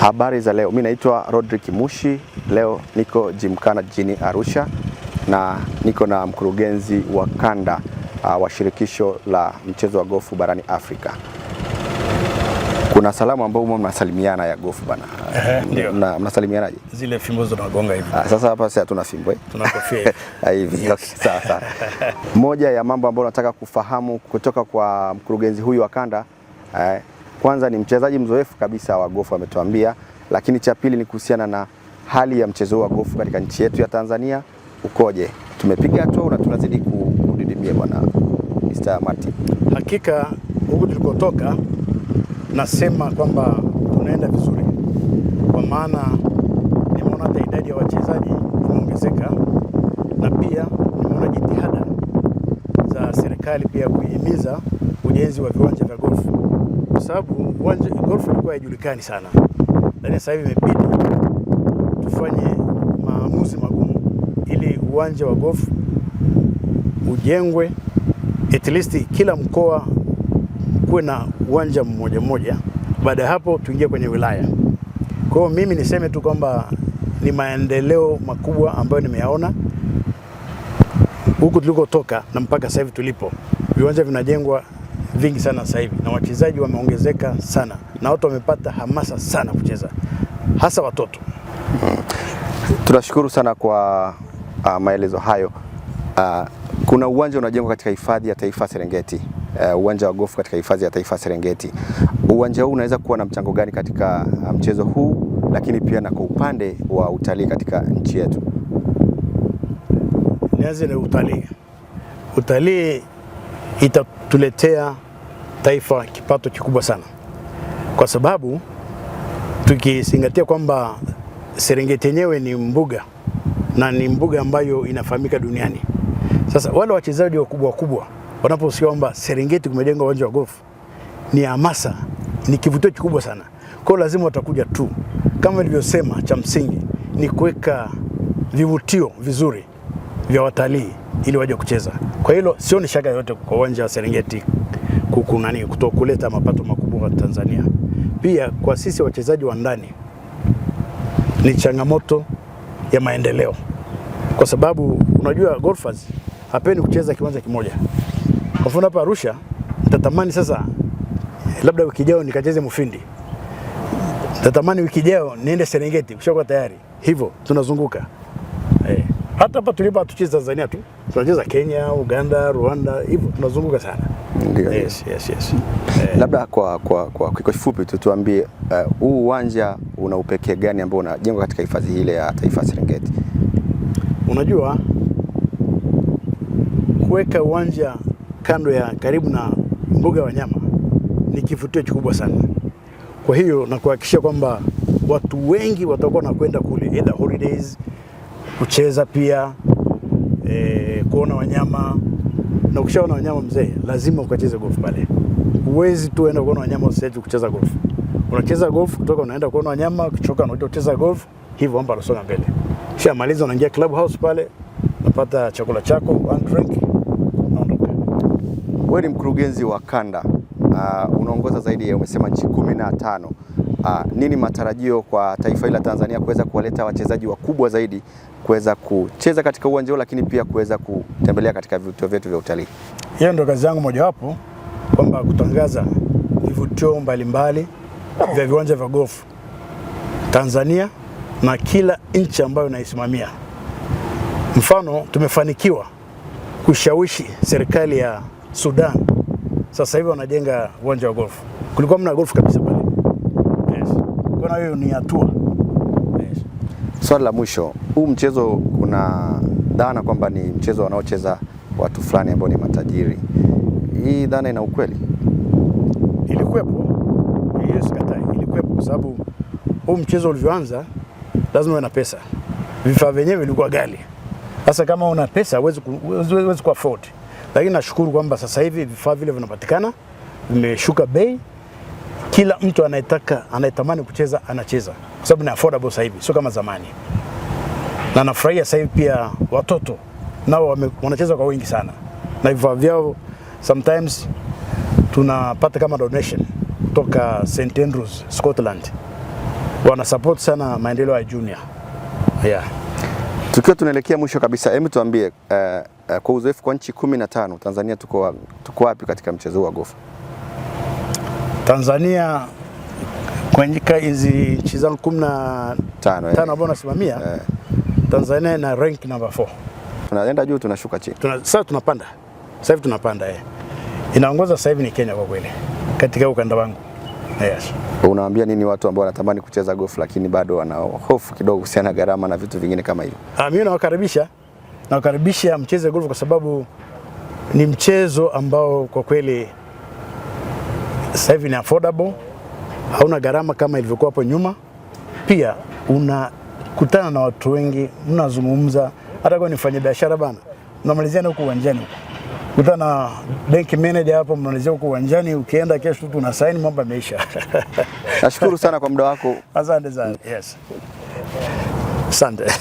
Habari za leo, mi naitwa Rodrick Mushi. Leo niko Gymkhana jijini Arusha na niko na mkurugenzi wa kanda uh, wa shirikisho la mchezo wa gofu barani Afrika. Kuna salamu ambayo humo mnasalimiana ya gofu bana, ndio mnasalimianaje? Zile fimbo zinagonga hivi. Ah, sasa hapa sasa tuna fimbo eh, tuna kofia ah, hivi. Okay, sawa sawa. Moja ya mambo ambayo nataka kufahamu kutoka kwa mkurugenzi huyu wa kanda eh, kwanza ni mchezaji mzoefu kabisa wa gofu ametuambia, lakini cha pili ni kuhusiana na hali ya mchezo wa gofu katika nchi yetu ya Tanzania ukoje. Tumepiga hatua na tunazidi kudidimia, bwana Mr. Martin. Hakika huku tulikotoka nasema kwamba tunaenda vizuri, kwa maana nimeona hata idadi ya wachezaji imeongezeka, na pia nimeona jitihada za serikali pia kuhimiza ujenzi wa viwanja vya gofu kwa sababu uwanja golf ilikuwa haijulikani sana, lakini sasa hivi imebidi tufanye maamuzi magumu ili uwanja wa golf ujengwe, at least kila mkoa kuwe na uwanja mmoja mmoja. Baada ya hapo tuingie kwenye wilaya. Kwa hiyo mimi niseme tu kwamba ni maendeleo makubwa ambayo nimeyaona huku tulikotoka na mpaka sasa hivi tulipo, viwanja vinajengwa vingi sana sasa hivi, na wachezaji wameongezeka sana na watu wamepata hamasa sana kucheza, hasa watoto hmm. Tunashukuru sana kwa uh, maelezo hayo. Uh, kuna uwanja unajengwa katika hifadhi ya taifa Serengeti, uh, uwanja wa gofu katika hifadhi ya taifa Serengeti. Uwanja huu unaweza kuwa na mchango gani katika uh, mchezo huu, lakini pia na kwa upande wa utalii katika nchi yetu? Nianze na utalii. Utalii itatuletea taifa kipato kikubwa sana, kwa sababu tukizingatia kwamba Serengeti yenyewe ni mbuga na ni mbuga ambayo inafahamika duniani. Sasa wale wachezaji wakubwa wakubwa wanaposikia kwamba Serengeti kumejengwa uwanja wa gofu, ni hamasa, ni kivutio kikubwa sana kwao, lazima watakuja tu. Kama nilivyosema, cha msingi ni kuweka vivutio vizuri vya watalii ili waje kucheza. Kwa hilo sio ni shaka yoyote kwa uwanja wa Serengeti kukunani kutokuleta mapato makubwa Tanzania. Pia kwa sisi wachezaji wa ndani ni changamoto ya maendeleo, kwa sababu unajua golfers hapendi kucheza kiwanja kimoja. Kwa mfano hapa Arusha, nitatamani sasa labda wiki ijayo nikacheze Mufindi, natamani wiki ijayo niende Serengeti, kushakuwa tayari hivyo tunazunguka. Hata hapa tulipo hatuchezi Tanzania tu, tunacheza Kenya, Uganda, Rwanda, hivyo tunazunguka sana. Ndiyo. Yes, yes, yes. Eh. Labda kwa kwa kwa kifupi tu tuambie eh, huu uh, uwanja una upekee gani ambao unajengwa katika hifadhi ile ya Taifa Serengeti? Unajua kuweka uwanja kando ya karibu na mbuga ya wanyama ni kivutio kikubwa sana. Kwa hiyo nakuhakikishia kwamba watu wengi watakuwa wanakwenda kule either holidays kucheza pia e, kuona wanyama na ukishaona wanyama mzee, lazima ukacheze golf pale. Huwezi tu enda kuona wanyama usiache kucheza golf. Unacheza golf kutoka unaenda kuona wanyama, ukichoka unaenda kucheza golf, hivyo mambo yanasonga mbele. Kisha maliza, unaingia house pale, unapata chakula chako, one drink, unaondoka. Wewe ni mkurugenzi wa kanda uh, unaongoza zaidi ya umesema nchi kumi na tano a, ah, nini matarajio kwa taifa hili la Tanzania kuweza kuwaleta wachezaji wakubwa zaidi kuweza kucheza katika uwanja huu, lakini pia kuweza kutembelea katika vivutio vyetu vya utalii. Hiyo ndio kazi yangu mojawapo, kwamba kutangaza vivutio mbalimbali vya viwanja vya gofu Tanzania na kila nchi ambayo inaisimamia. Mfano, tumefanikiwa kushawishi serikali ya Sudan, sasa hivi wanajenga uwanja wa golf. Kulikuwa mna golf kabisa pale nayo ni hatua. Swali la mwisho, huu mchezo kuna dhana kwamba ni mchezo wanaocheza watu fulani ambao ni matajiri. Hii dhana ina ukweli? Ilikuwepo, yes, kata ilikuwepo kwa sababu huu mchezo ulivyoanza lazima uwe na pesa, vifaa vyenyewe vilikuwa ghali. Sasa kama una pesa huwezi ku afford, lakini nashukuru kwamba sasa hivi vifaa vile vinapatikana, vimeshuka bei kila mtu anayetaka anayetamani kucheza anacheza, kwa sababu ni affordable sasa hivi, sio kama zamani. Na nafurahia sasa hivi pia watoto nao wanacheza kwa wingi sana, na vifaa vyao sometimes tunapata kama donation kutoka St Andrews Scotland, wana support sana maendeleo ya junior yeah. Tukiwa tunaelekea mwisho kabisa, hebu tuambie, uh, uh, kwa uzoefu kwa nchi kumi na tano Tanzania tuko wapi katika mchezo huu wa gofu? Tanzania kwenye hizi nchi zangu eh. kumi na tano ambao nasimamia eh. Tanzania na rank number 4. Tunaenda juu tunashuka chini. Tuna, sasa tunapanda sasa hivi tunapanda eh. Inaongoza sasa hivi ni Kenya kwa kweli katika ukanda wangu. Yes. Unawaambia nini watu ambao wanatamani kucheza gofu lakini bado wana hofu kidogo kuhusiana na gharama na vitu vingine kama hivyo? Ah, mimi nawakaribisha nawakaribisha mcheze golf kwa sababu ni mchezo ambao kwa kweli sasa hivi ni affordable, hauna gharama kama ilivyokuwa hapo nyuma. Pia unakutana na watu wengi, mnazungumza, hata kwa nifanye biashara bana, mnamaliziana huko uwanjani huko kutana na bank manager hapo, mnamalizia huko uwanjani, ukienda kesho tu una sign, mambo yameisha. Nashukuru sana kwa muda wako, asante sana. Yes, asante.